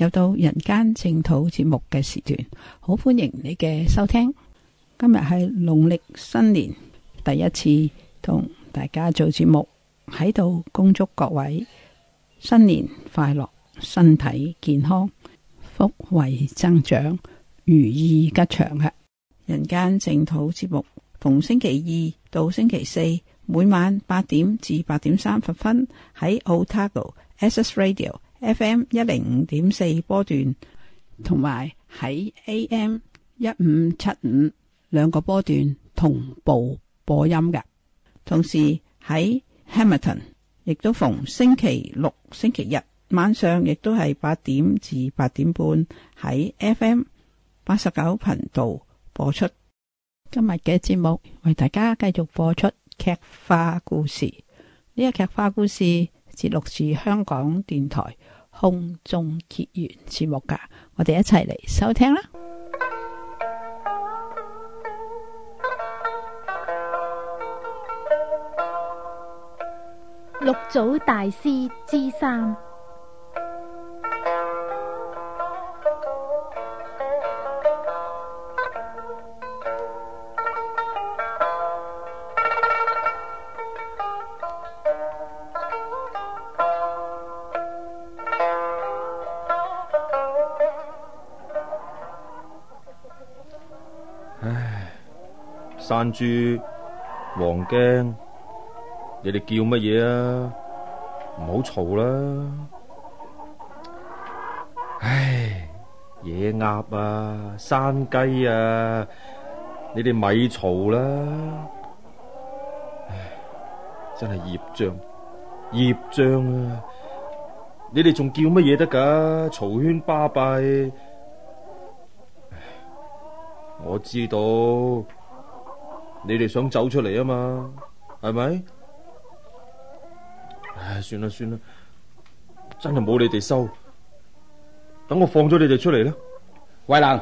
又到人間淨土節目嘅時段，好歡迎你嘅收聽。今日係農曆新年第一次同大家做節目，喺度恭祝各位新年快樂，身體健康，福慧增長，如意吉祥。人間淨土節目逢星期二到星期四，每晚八點至八點三十分，喺 Otago 奧塔哥 SS Radio。F.M. 一零五點四波段，同埋喺 A.M. 一五七五兩個波段同步播音嘅。同時喺 Hamilton，亦都逢星期六、星期日晚上，上，亦都係八點至八點半喺 F.M. 八十九頻道播出今日嘅節目，為大家繼續播出劇化故事。呢、這、一、個、劇化故事。節錄是香港電台空中結緣節目噶，我哋一齊嚟收聽啦。六祖大師之三。山豬、黃驚，你哋叫乜嘢啊？唔好嘈啦！唉，野鴨啊，山雞啊，你哋咪嘈啦！唉，真係孽障，孽障啊！你哋仲叫乜嘢得噶？嘈喧巴閉，唉，我知道。你哋想走出嚟啊嘛，係咪？唉，算啦算啦，真係冇你哋收，等我放咗你哋出嚟啦。衛能，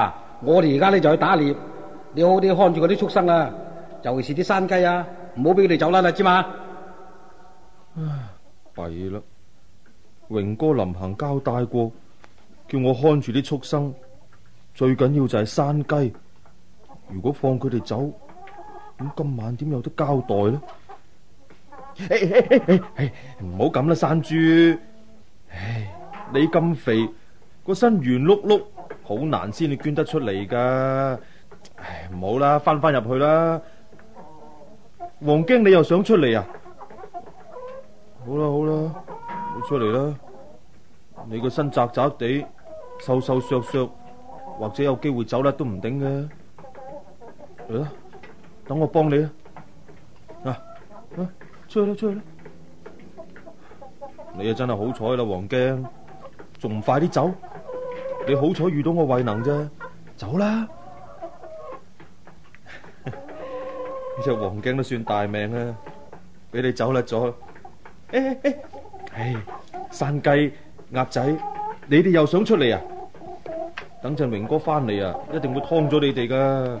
嗱，我哋而家呢就去打獵，你好啲看住嗰啲畜生啊，尤其是啲山雞啊，唔好俾佢哋走啦啦，知嘛？唉，弊啦，榮哥臨行交代過，叫我看住啲畜生，最緊要就係山雞。如果放佢哋走，咁今晚點有得交代呢？唔好咁啦，山豬！唉，你咁肥，個身圓碌碌，好難先你捐得出嚟噶！唉，唔好啦，翻翻入去啦。黃經，你又想出嚟啊？好啦好啦，唔好出嚟啦。你個身窄窄地，瘦瘦削削，或者有機會走甩都唔定嘅。嚟啦，等我幫你啦！嗱、啊，啊，出去啦，出去啦！你啊真係好彩啦，黃猄，仲唔快啲走？你好彩遇到我慧能啫，走啦！呢隻黃猄都算大命啦，俾你走甩咗。誒、哎、誒，唉、哎哎，山雞鴨仔，你哋又想出嚟啊？等陣榮哥翻嚟啊，一定會劏咗你哋噶。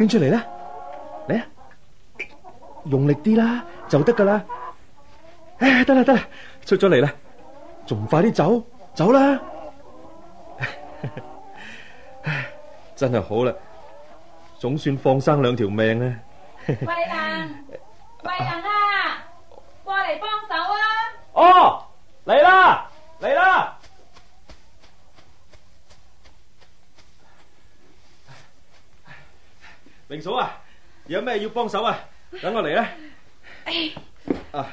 拎出嚟啦，嚟啊，用力啲啦，就得噶啦。哎，得啦得啦，出咗嚟啦，仲唔快啲走？走啦，真係好啦，總算放生兩條命啦。慧能，慧能啊，過嚟幫手。嫂啊，有咩要幫手啊？等我嚟啦。啊，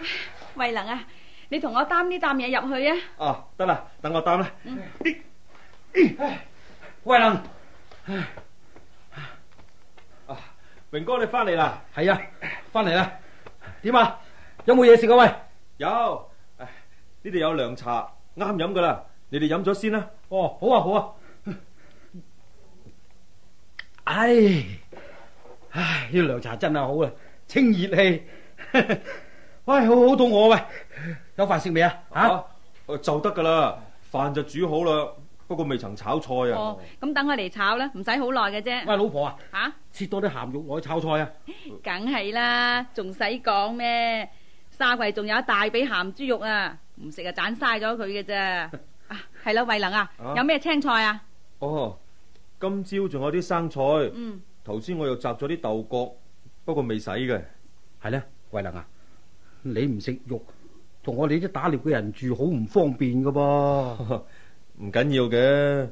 慧能啊，你同我擔呢擔嘢入去啊。哦，得啦，等我擔啦。慧能，啊，榮哥你翻嚟啦？係啊，翻嚟啦。點啊？有冇嘢食噶？喂，有，呢度有涼茶，啱飲噶啦。你哋飲咗先啦。哦，好啊，好啊。哎。唉，呢、這個涼茶真係好啊，清熱氣。喂，好好肚餓喂，有飯食未啊？啊，啊就得噶啦，飯就煮好啦，不過未曾炒菜啊。哦，咁等我嚟炒啦，唔使好耐嘅啫。喂，老婆啊，吓、啊，切多啲鹹肉來炒菜啊。梗係啦，仲使講咩？沙櫃仲有一大髀鹹豬肉啊，唔食啊，盞嘥咗佢嘅啫。啊，係啦，慧能啊，啊有咩青菜啊？哦，今朝仲有啲生菜。嗯。頭先我又摘咗啲豆角，不過未洗嘅。係咧，慧能啊，你唔食肉，同我哋啲打獵嘅人住好唔方便噶噃唔緊 要嘅，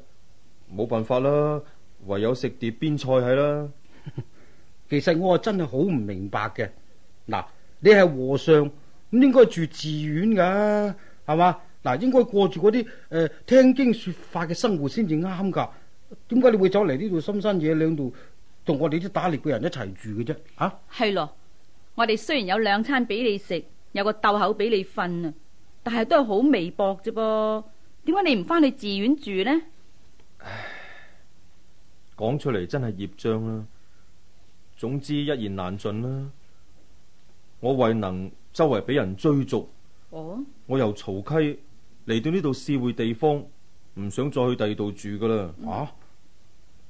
冇辦法啦，唯有食碟邊菜係啦。 其實我啊真係好唔明白嘅。嗱，你係和尚咁，應該住寺院噶，係嘛？嗱，應該過住嗰啲誒聽經說法嘅生活先至啱噶點解你會走嚟呢度深山野嶺度，同我哋啲打獵嘅人一齊住嘅啫，吓，係咯。我哋雖然有兩餐俾你食，有個斗口俾你瞓啊，但係都係好微薄啫噃。點解你唔翻去寺院住呢？唉，講出嚟，真係孽障啦！總之一言難盡啦。我為能周圍俾人追逐，哦、我由曹溪嚟到呢度四會地方，唔想再去第二度住噶啦，吓、嗯。啊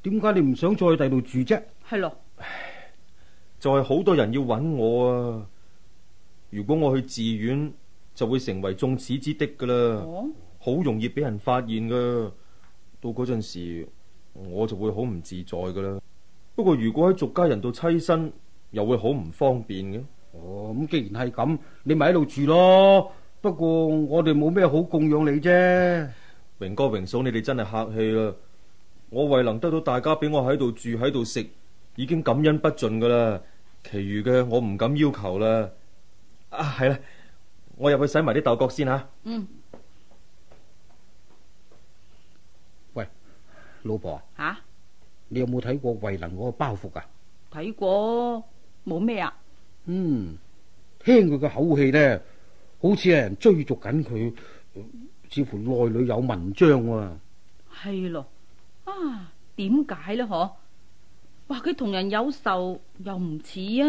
點解你唔想再去第度住啫？係咯，唉，就係好多人要揾我啊！如果我去寺院，就會成為眾矢之的噶啦，哦，好容易俾人發現噶。到嗰陣時，我就會好唔自在噶啦。不過如果喺俗家人度棲身，又會好唔方便嘅。哦，咁既然係咁，你咪喺度住咯。不過我哋冇咩好供養你啫。榮哥、榮嫂，你哋真係客氣啦。我慧能得到大家俾我喺度住喺度食，已經感恩不盡噶啦。其餘嘅我唔敢要求啦。啊，係啦，我入去洗埋啲豆角先吓、啊。嗯。喂，老婆啊。吓？你有冇睇過慧能嗰個包袱啊？睇過，冇咩啊？嗯，聽佢嘅口氣呢，好似係人追逐緊佢，似乎內裏有文章喎、啊。係咯。啊，點解呢？嗬，哇！佢同人有仇又唔似啊，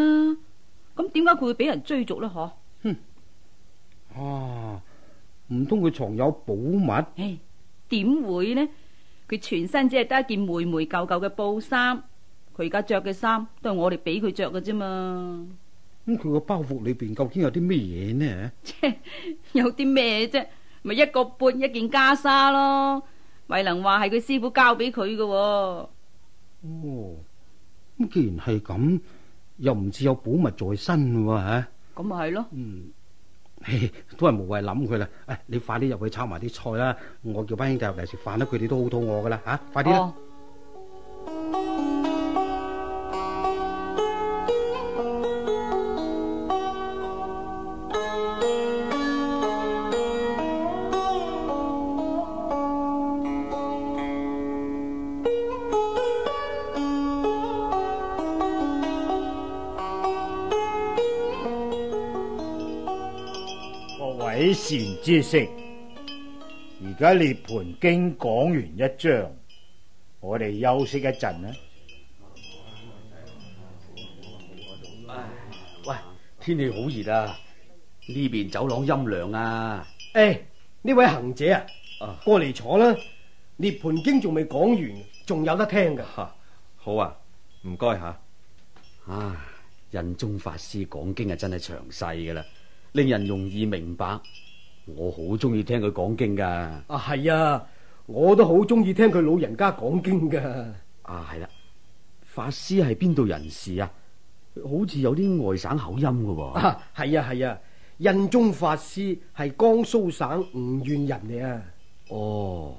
咁點解佢會俾人追逐呢？嗬，哼，啊，唔通佢藏有寶物？唉、哎，點會呢？佢全身只係得一件霉霉舊舊嘅布衫，佢而家着嘅衫都係我哋俾佢着嘅啫嘛。咁佢個包袱裏邊究竟有啲咩嘢呢？ 有啲咩啫？咪、就是、一個缽一件袈裟咯。咪能話係佢師傅交俾佢嘅。哦，咁既然係咁，又唔似有寶物在身喎吓，咁咪係咯，嗯，都係無謂諗佢啦，誒，你快啲入去炒埋啲菜啦，我叫班兄弟入嚟食飯啦，佢哋都好肚餓噶啦,啊，快啲啦。哦知識而家《涅槃經》講完一章，我哋休息一陣啦。喂，天氣好熱啊，呢邊走廊陰涼啊。誒，呢位行者啊，過嚟坐啦，《涅槃經》仲未講完，仲有得聽噶。好啊，唔該吓。啊，印宗法師講經係，真係詳細噶啦，令人容易明白。我好中意聽佢講經噶。啊係啊，我都好中意聽佢老人家講經噶。啊係啦、啊，法師係邊度人士啊？好似有啲外省口音噶喎、啊。係啊係啊，啊，印宗法師係江蘇省吳縣人嚟啊。哦，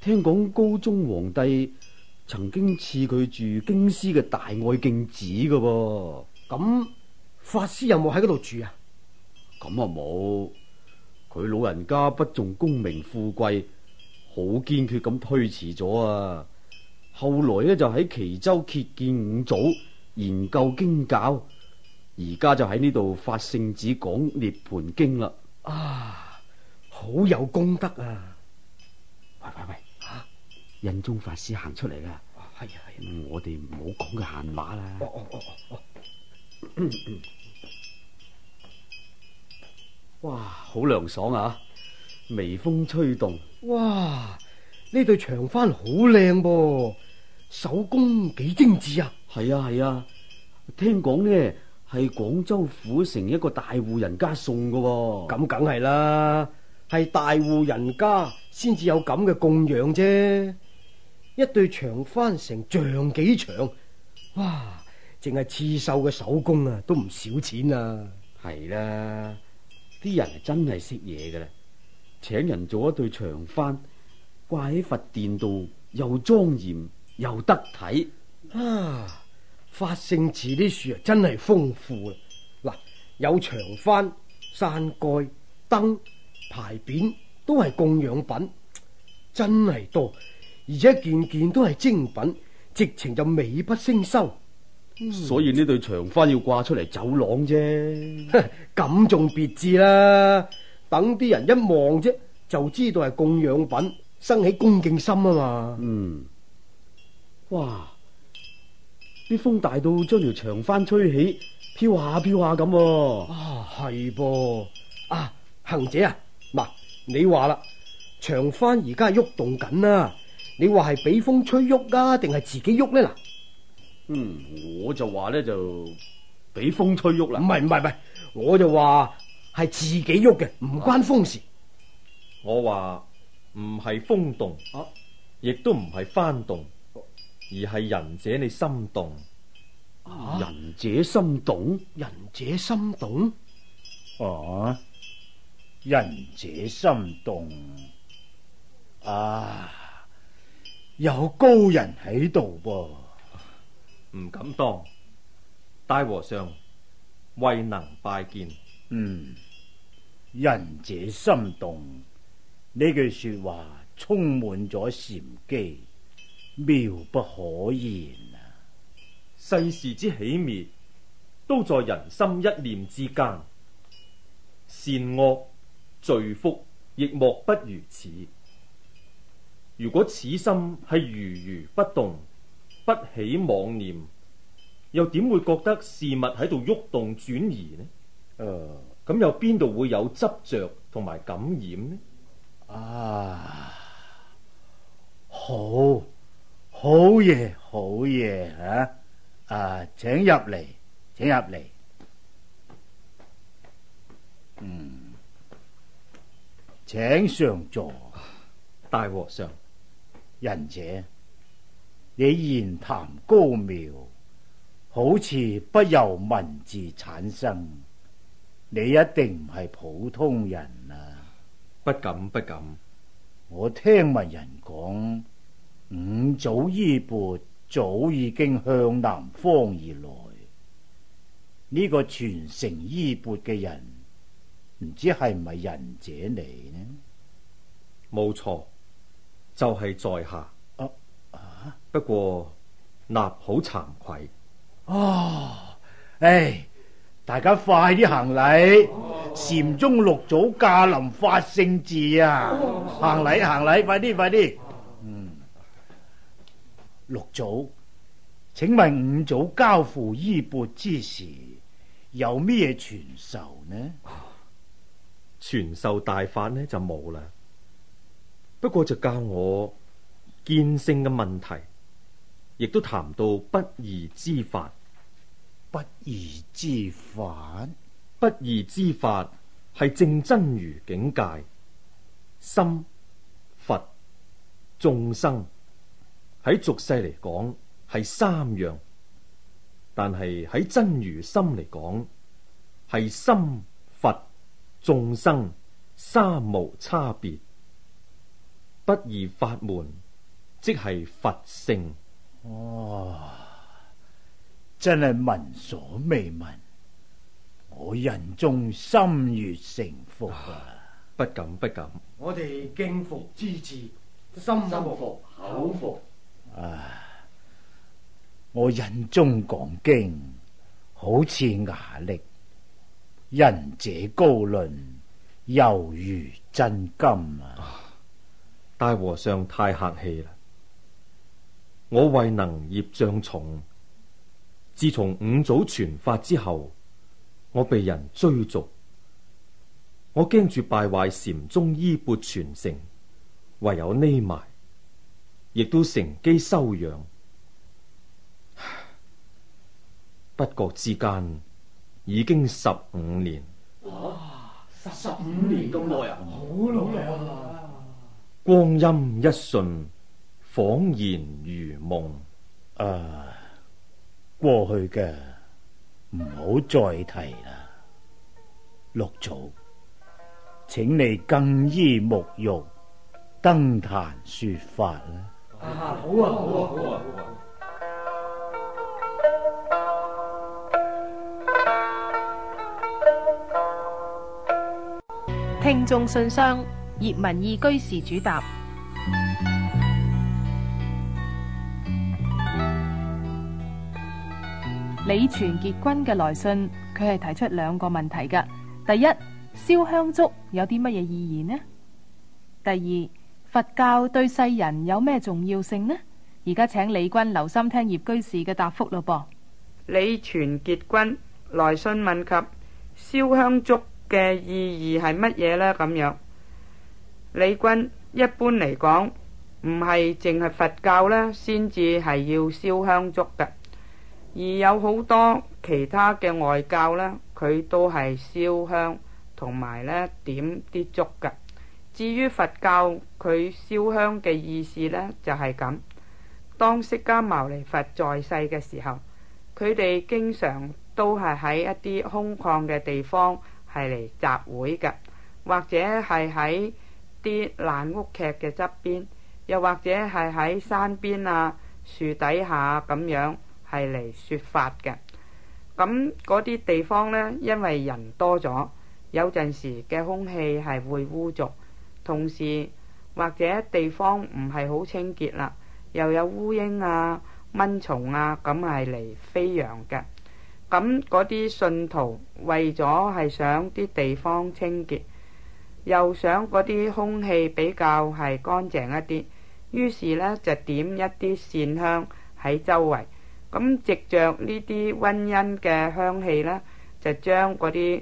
聽講高宗皇帝曾經賜佢住京師嘅大愛敬寺噶噃。咁法師有冇喺嗰度住啊？咁啊冇。佢老人家不重功名富貴，好堅決咁推辭咗啊！後來呢，就喺齊州謁見五祖，研究經教，而家就喺呢度發聖旨講《涅槃經》啦！啊，好有功德啊！喂喂喂，吓、啊！印宗法師行出嚟啦！係啊、哎，哎、我哋唔好講佢閒話啦。哦哦哦哦哦。哦 哇，好涼爽啊！微風吹動。哇，呢對長幡好靚噃，手工幾精緻啊！係啊係啊，聽講呢係廣州府城一個大戶人家送㗎，啊。咁梗係啦，係大戶人家先至有咁嘅供養啫。一對長幡成丈幾長，哇！淨係刺繡嘅手工啊，都唔少錢啊。係啦，啊。啲人係真係識嘢嘅啦，請人做一對長幡掛喺佛殿度，又莊嚴又得體。啊，法勝寺啲樹啊，真係豐富啦！嗱，有長幡、山蓋、燈、牌匾，都係供養品，真係多，而且件件都係精品，直情就美不勝收。嗯、所以呢對長幡要掛出嚟走廊啫，咁仲別致啦。等啲人一望啫，就知道係供養品，生起恭敬心啊嘛。嗯，哇！啲風大到將條長幡吹起，飄下飄下咁、啊。啊，係噃。啊，行者啊，嗱，你話啦，長幡而家喐動緊啦，你話係俾風吹喐啊，定係自己喐呢？嗱。嗯，我就話呢，就俾風吹喐啦，唔係唔係唔係，我就話係自己喐嘅，唔關風事。啊、我話唔係風動，亦都唔係翻動，而係仁者你心動。仁、啊、者心動，仁者心動，哦、啊，仁者心動啊，有高人喺度噃。唔敢當，大和尚未能拜見。嗯，仁者心動呢句說話充滿咗禪機，妙不可言啊！世事之起滅，都在人心一念之間，善惡、罪福亦莫不如此。如果此心係如如不動，不起妄念，又點會覺得事物喺度喐動轉移呢？咁又邊度會有執着同埋感染呢？啊，好好嘢，好嘢啊！啊，請入嚟，請入嚟。嗯，請上座，大和尚，仁者。你言談高妙，好似不由文字產生，你一定唔係普通人啊！不敢不敢，我聽聞人講五祖衣鉢早已經向南方而來，呢個傳承衣鉢嘅人唔知係唔係仁者嚟呢？冇錯，就係在下。不過納好慚愧啊！唉、哦哎，大家快啲行禮，哦哦、禪宗六祖駕臨法性寺啊！哦哦、行禮行禮，快啲快啲！嗯，六祖，請問五祖交付衣鉢之時，有咩傳授呢？哦、傳授大法呢就冇啦，不過就教我見性嘅問題。亦都談到不二之法，不二之法，不二之法係正真如境界，心佛眾生喺俗世嚟講係三樣，但係喺真如心嚟講係心佛眾生三無差別，不二法門即係佛性。哦，真係聞所未聞，我人中心悅誠服，不敢不敢。我哋敬服之至，心服口服。唉、啊，我人中講經，好似牙力；仁者高論，猶如真金啊，啊！大和尚太客氣啦。我惠能業障重，自從五祖傳法之後，我被人追逐，我驚住敗壞禪宗衣缽傳承，唯有匿埋，亦都乘機收養。不覺之間，已經十五年。哇，十五十五年咁耐啊，好努力啊！光陰一瞬。恍然如夢啊！過去嘅唔好再提啦，六祖，請你更衣沐浴，登壇說法啦。啊，好啊，好啊，好啊，好啊！聽眾信箱，葉文義居士主答。李全杰君嘅來信，佢係提出兩個問題噶。第一，燒香燭有啲乜嘢意義呢？第二，佛教對世人有咩重要性呢？而家請李君留心聽葉居士嘅答復咯。噃，李全杰君來信問及燒香燭嘅意義係乜嘢呢？咁樣，李君一般嚟講唔係淨係佛教啦，先至係要燒香燭噶。而有好多其他嘅外教呢，佢都係燒香同埋呢點啲粥噶。至於佛教，佢燒香嘅意思呢，就係咁。當釋迦牟尼佛在世嘅時候，佢哋經常都係喺一啲空曠嘅地方係嚟集會嘅，或者係喺啲爛屋劇嘅側邊，又或者係喺山邊啊、樹底下咁樣。係嚟説法嘅咁嗰啲地方呢，因為人多咗，有陣時嘅空氣係會污濁，同時或者地方唔係好清潔啦，又有烏蠅啊、蚊蟲啊，咁係嚟飛揚嘅。咁嗰啲信徒為咗係想啲地方清潔，又想嗰啲空氣比較係乾淨一啲，於是呢就點一啲線香喺周圍。咁藉着呢啲溫馨嘅香氣呢就將嗰啲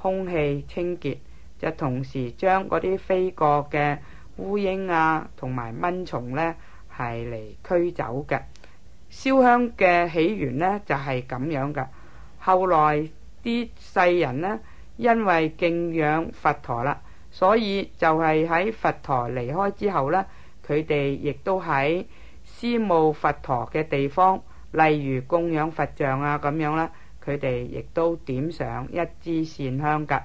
空氣清潔，就同時將嗰啲飛過嘅烏蠅啊，同埋蚊蟲呢係嚟驅走嘅。燒香嘅起源呢就係咁樣噶。後來啲世人呢，因為敬仰佛陀啦，所以就係喺佛陀離開之後呢，佢哋亦都喺思慕佛陀嘅地方。例如供養佛像啊咁樣啦，佢哋亦都點上一支線香㗎。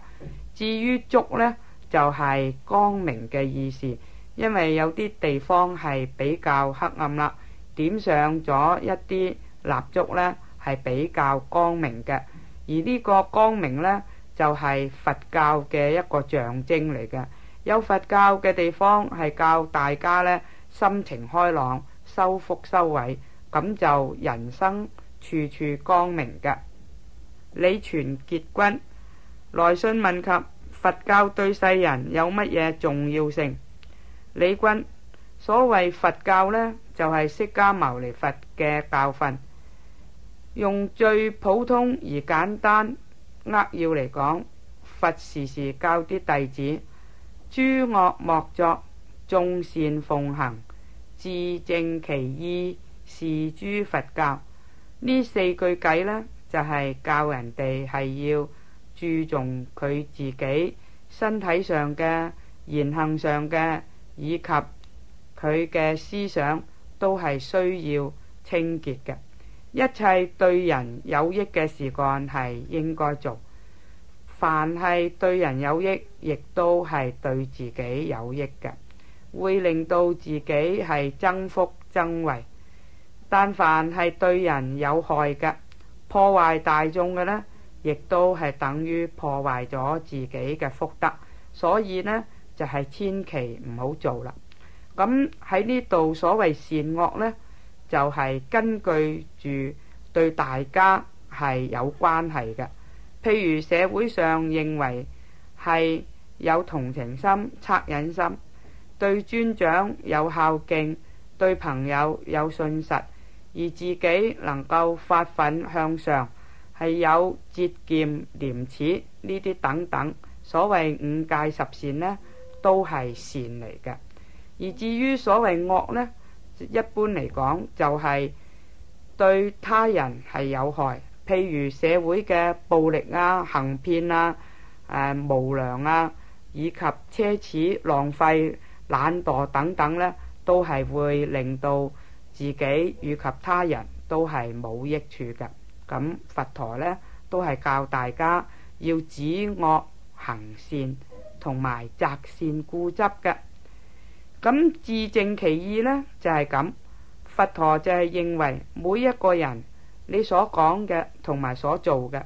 至於燭呢，就係、是、光明嘅意思，因為有啲地方係比較黑暗啦，點上咗一啲蠟燭呢，係比較光明嘅。而呢個光明呢，就係、是、佛教嘅一個象徵嚟㗎。有佛教嘅地方係教大家呢，心情開朗，修福修慧。咁就人生處處光明嘅。李全傑君來信問及佛教對世人有乜嘢重要性？李君，所謂佛教呢，就係釋迦牟尼佛嘅教訓，用最普通而簡單扼要嚟講，佛時時教啲弟子：諸惡莫作，眾善奉行，自正其意。是諸佛教呢四句偈呢，就係、是、教人哋係要注重佢自己身體上嘅言行上嘅，以及佢嘅思想都係需要清潔嘅。一切對人有益嘅事幹係應該做，凡係對人有益，亦都係對自己有益嘅，會令到自己係增福增慧。但凡係對人有害嘅、破壞大眾嘅呢，亦都係等於破壞咗自己嘅福德，所以呢，就係、是、千祈唔好做啦。咁喺呢度所謂善惡呢，就係、是、根據住對大家係有關係嘅。譬如社會上認為係有同情心、惻隱心，對尊長有孝敬，對朋友有信實。而自己能夠發奮向上，係有節儉、廉恥呢啲等等。所謂五戒十善呢都係善嚟嘅。而至於所謂惡呢，一般嚟講就係對他人係有害，譬如社會嘅暴力啊、行騙啊、誒、呃、無良啊，以及奢侈、浪費、懶惰等等呢都係會令到，自己以及他人都係冇益處嘅，咁佛陀呢，都係教大家要止惡行善同埋擲善固執嘅。咁自正其意呢，就係咁，佛陀就係認為每一個人你所講嘅同埋所做嘅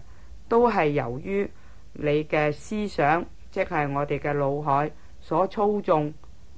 都係由於你嘅思想，即係我哋嘅腦海所操縱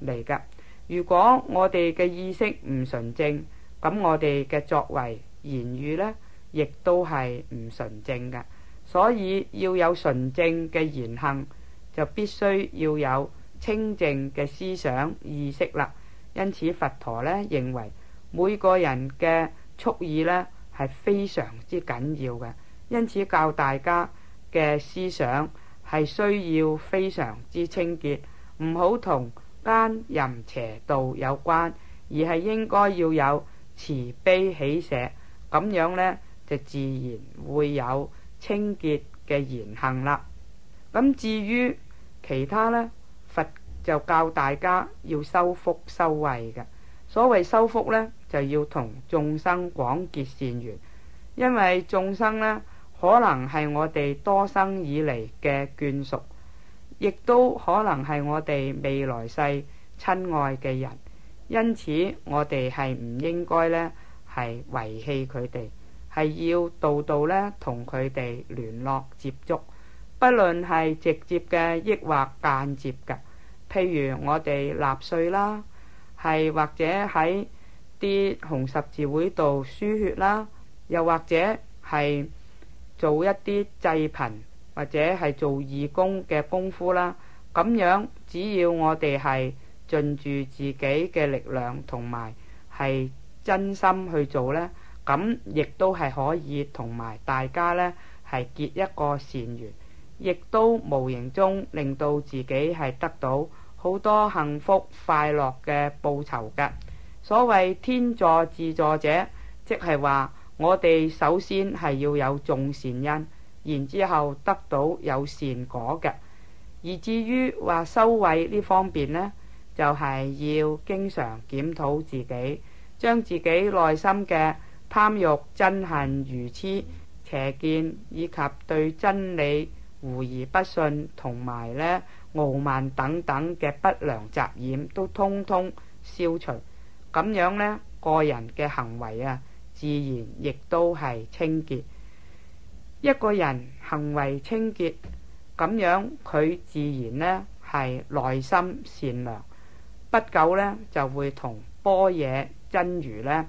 嚟嘅。如果我哋嘅意識唔純正，咁我哋嘅作為言語呢，亦都係唔純正嘅。所以要有純正嘅言行，就必須要有清淨嘅思想意識啦。因此佛陀呢，認為，每個人嘅蓄意呢係非常之緊要嘅。因此教大家嘅思想係需要非常之清潔，唔好同，間淫邪道有關，而係應該要有慈悲喜捨，咁樣呢，就自然會有清潔嘅言行啦。咁至於其他呢，佛就教大家要修福修慧嘅。所謂修福呢，就要同眾生廣結善緣，因為眾生呢，可能係我哋多生以嚟嘅眷屬。亦都可能係我哋未來世親愛嘅人，因此我哋係唔應該呢係遺棄佢哋，係要度度呢同佢哋聯絡接觸，不論係直接嘅，抑或間接嘅。譬如我哋納稅啦，係或者喺啲紅十字會度輸血啦，又或者係做一啲濟貧。或者係做義工嘅功夫啦，咁樣只要我哋係盡住自己嘅力量同埋係真心去做呢，咁亦都係可以同埋大家呢係結一個善緣，亦都無形中令到自己係得到好多幸福快樂嘅報酬嘅。所謂天助自助者，即係話我哋首先係要有重善因。然之後得到有善果嘅，而至於話收穫呢方面呢，就係要經常檢討自己，將自己內心嘅貪欲、憎恨、愚痴、邪見以及對真理狐疑不信同埋呢傲慢等等嘅不良雜染都通通消除，咁樣呢，個人嘅行為啊，自然亦都係清潔。一個人行為清潔，咁樣佢自然呢係內心善良，不久呢就會同般若真如呢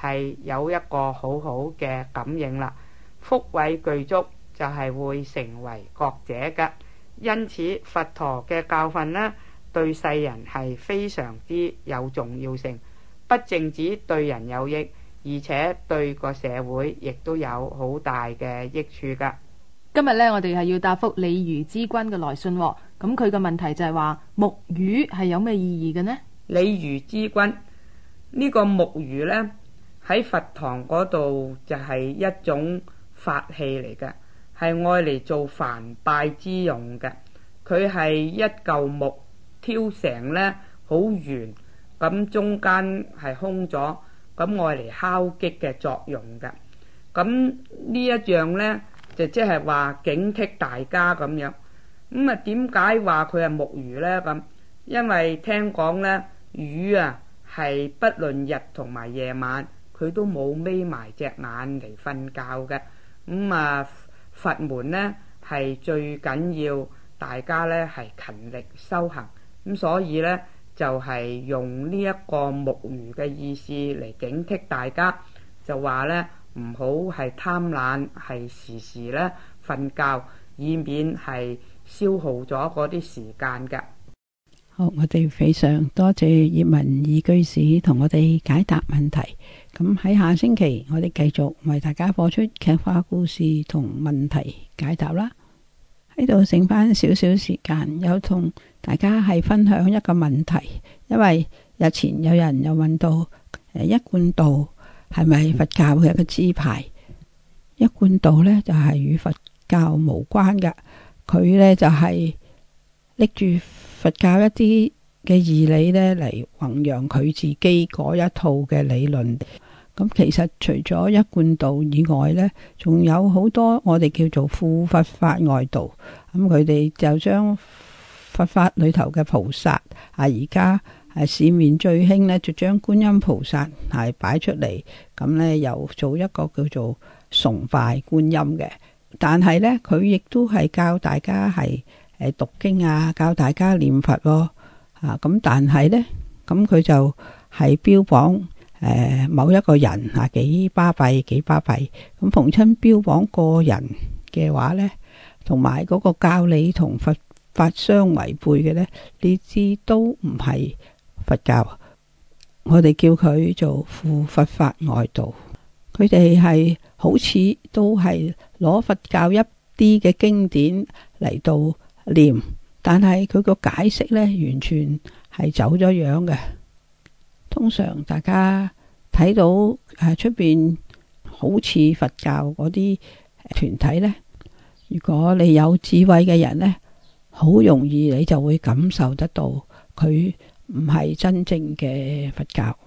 係有一個好好嘅感應啦，福慧具足就係會成為覺者嘅。因此，佛陀嘅教訓呢對世人係非常之有重要性，不僅止對人有益。而且對個社會亦都有好大嘅益處噶。今日呢，我哋係要答覆鯉魚之君嘅來信，哦。咁佢嘅問題就係話木魚係有咩意義嘅呢？鯉魚之君呢，這個木魚呢，喺佛堂嗰度就係一種法器嚟噶，係愛嚟做梵唄之用嘅。佢係一嚿木挑成呢好圓，咁中間係空咗。咁愛嚟敲擊嘅作用嘅，咁呢一樣咧就即係話警惕大家咁樣，咁啊點解話佢係木魚咧？咁因為聽講咧魚啊係不論日同埋夜晚，佢都冇眯埋隻眼嚟瞓覺嘅。咁啊佛門咧係最緊要大家咧係勤力修行，咁所以咧。就係用呢一個木魚嘅意思嚟，警惕大家，就話呢唔好係貪懶，係時時呢瞓覺，以免係消耗咗嗰啲時間㗎。好，我哋非常多謝葉文義居士同我哋解答問題。咁喺下星期，我哋繼續為大家播出劇化故事同問題解答啦。呢度剩翻少少時間，有同大家係分享一個問題，因為日前有人又問到誒，一貫道係咪佛教嘅一個支派？一貫道呢就係、是、與佛教無關嘅，佢呢就係拎住佛教一啲嘅義理呢嚟弘揚佢自己嗰一套嘅理論。咁其實除咗一貫道以外呢，仲有好多我哋叫做附佛法外道。咁佢哋就將佛法裏頭嘅菩薩，啊而家啊市面最興呢，就將觀音菩薩係擺出嚟，咁呢，又做一個叫做崇拜觀音嘅。但係呢，佢亦都係教大家係誒讀經啊，教大家念佛咯。啊咁，但係呢，咁佢就係標榜。誒某一個人啊，幾巴閉幾巴閉咁，逢親標榜個人嘅話呢，同埋嗰個教理同佛法相違背嘅呢，呢啲都唔係佛教，我哋叫佢做附佛法外道。佢哋係好似都係攞佛教一啲嘅經典嚟到念，但係佢個解釋呢，完全係走咗樣嘅。通常大家睇到誒出邊好似佛教嗰啲團體咧，如果你有智慧嘅人咧，好容易你就會感受得到佢唔係真正嘅佛教。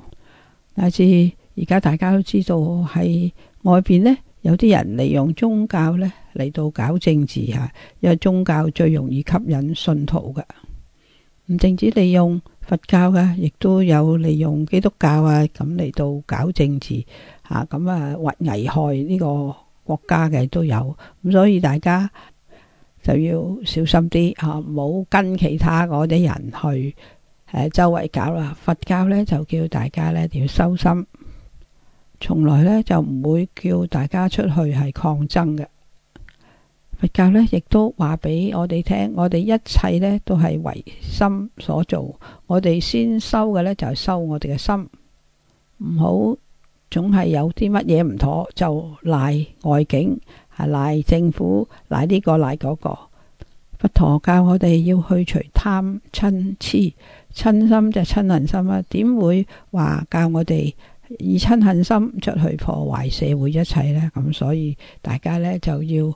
乃至而家大家都知道，係外邊咧，有啲人利用宗教咧嚟到搞政治吓，因為宗教最容易吸引信徒嘅，唔淨止利用。佛教啊，亦都有利用基督教啊，咁嚟到搞政治吓，咁啊或危害呢個國家嘅都有，咁所以大家就要小心啲啊，唔好跟其他嗰啲人去誒周圍搞啦。佛教咧就叫大家咧要收心，從來咧就唔會叫大家出去係抗爭嘅。佛教呢亦都話俾我哋聽，我哋一切呢都係唯心所做。我哋先修嘅呢，就係修我哋嘅心，唔好總係有啲乜嘢唔妥就賴外境，係賴政府，賴呢個賴嗰個。佛陀教我哋要去除貪、嗔、痴，嗔心就係嗔恨心啦。點會話教我哋以嗔恨心出去破壞社會一切呢？咁所以大家呢，就要。